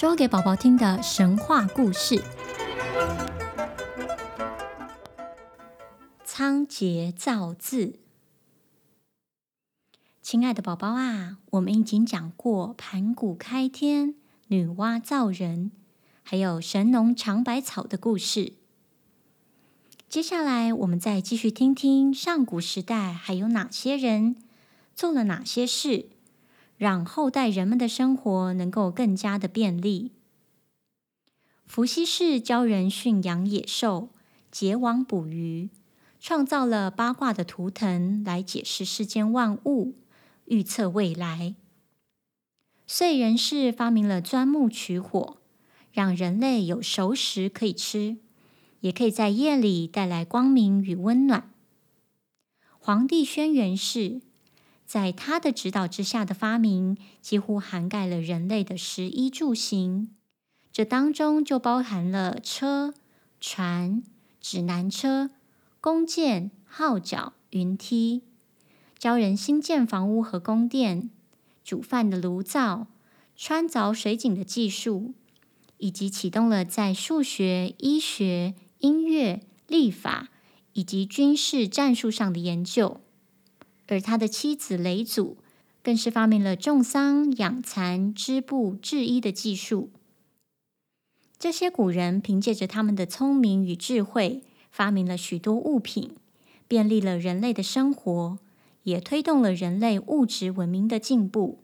說給寶寶聽的神話故事：倉頡造字。親愛的寶寶啊，我們已經講過盤古開天、女媧造人，還有神農嘗百草的故事。接下來，我們再繼續聽聽上古時代還有哪些人做了哪些事。讓後代人們的生活能夠更加的便利。伏羲氏教人馴養野獸、結網捕魚，創造了八卦的圖騰來解釋世間萬物、預測未來。燧人氏發明了鑽木取火，讓人類有熟食可以吃，也可以在夜裡帶來光明與溫暖。黃帝軒轅氏。在他的指導之下的發明，幾乎涵蓋了人類的食衣住行。這當中就包含了車、船、指南車、弓箭、號角、雲梯、教人興建房屋和宮殿、煮飯的爐灶、穿鑿水井的技術，以及啟動了在數學、醫學、音樂、曆法以及軍事戰術上的研究。而他的妻子嫘祖更是發明了種桑、養蠶、織布、製衣的技術。這些古人憑借着他們的聰明與智慧，發明了許多物品，便利了人類的生活，也推動了人類物質文明的進步。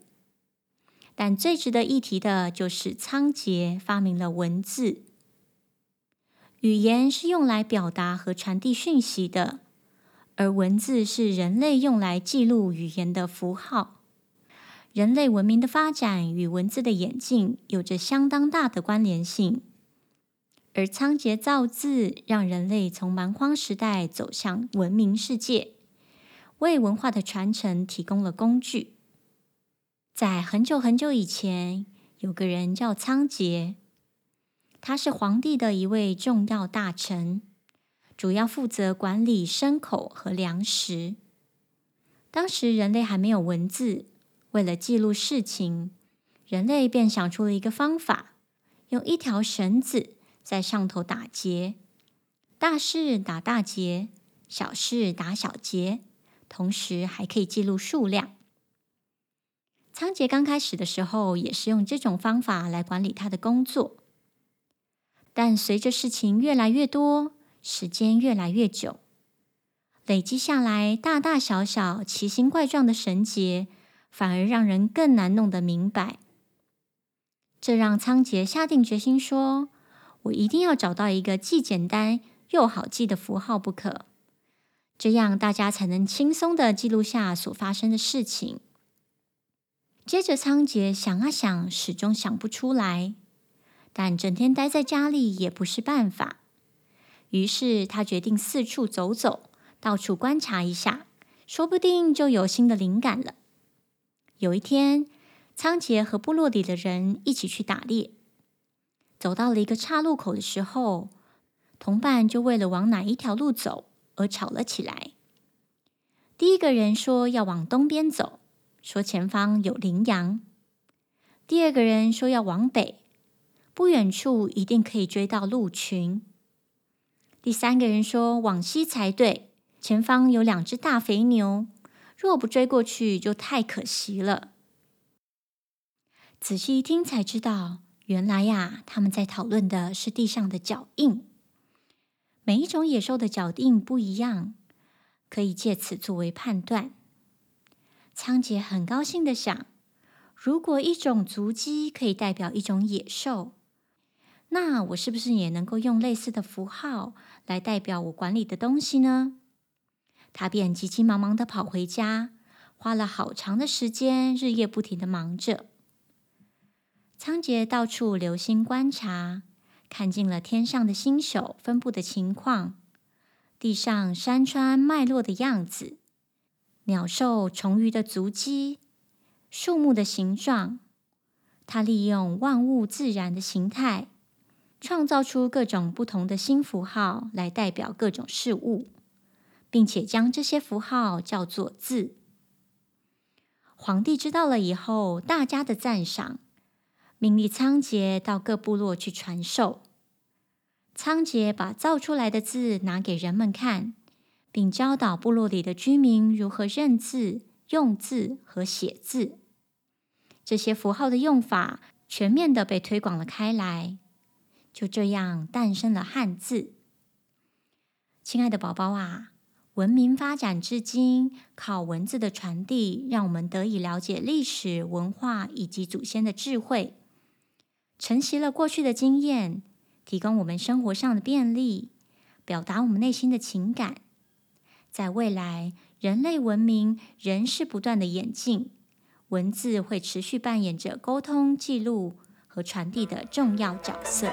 但最值得一提的就是倉頡發明了文字。語言是用來表達和傳遞訊息的。而文字是人類用來記錄語言的符號，人類文明的發展與文字的演進有着相當大的關聯性。而倉頡造字，讓人類從蠻荒時代走向文明世界，為文化的傳承提供了工具。在很久很久以前，有個人叫倉頡，他是黃帝的一位重要大臣。主要負責管理牲口和糧食。當時人類還沒有文字，為了記錄事情，人類便想出了一個方法：用一條繩子在上頭打結，大事打大結，小事打小結，同時還可以記錄數量。倉頡剛開始的時候也是用這種方法來管理他的工作，但隨着事情越來越多。時間越來越久，累積下來，大大小小、奇形怪狀的繩結，反而讓人更難弄得明白。這讓倉頡下定決心說：“我一定要找到一個既簡單又好記的符號不可，這樣大家才能輕鬆的記錄下所發生的事情。”接着，倉頡想啊想，始終想不出來，但整天待在家裡也不是辦法。於是他決定四處走走，到處觀察一下，說不定就有新的靈感了。有一天，倉頡和部落裡的人一起去打獵，走到了一個岔路口的時候，同伴就為了往哪一條路走而吵了起來。第一個人說要往東邊走，說前方有羚羊；第二個人說要往北，不遠處一定可以追到鹿群。第三個人說：“往西才對，前方有兩隻大肥牛，若不追過去就太可惜了。”仔細一聽才知道，原來呀、啊，他們在討論的是地上的腳印。每一種野獸的腳印不一樣，可以借此作為判斷。倉頡很高興的想：如果一種足跡可以代表一種野獸。那我是不是也能夠用類似的符號來代表我管理的東西呢？他便急急忙忙地跑回家，花了好長的時間，日夜不停地忙着。倉頡到處留心觀察，看盡了天上的星宿分布的情況，地上山川脈絡的樣子，鳥獸蟲魚的足跡，樹木的形狀。他利用萬物自然的形態。創造出各種不同的新符號來代表各種事物，並且將這些符號叫做字。皇帝知道了以後，大加的讚賞，命令倉頡到各部落去傳授。倉頡把造出來的字拿給人們看，並教導部落裡的居民如何認字、用字和寫字。這些符號的用法全面地被推廣了開來。就這樣誕生了漢字。親愛的寶寶啊，文明發展至今，靠文字的傳遞，讓我們得以了解歷史文化以及祖先的智慧，承襲了過去的經驗，提供我們生活上的便利，表達我們內心的情感。在未來，人類文明仍是不斷的演進，文字會持續扮演着溝通記錄。和傳遞的重要角色。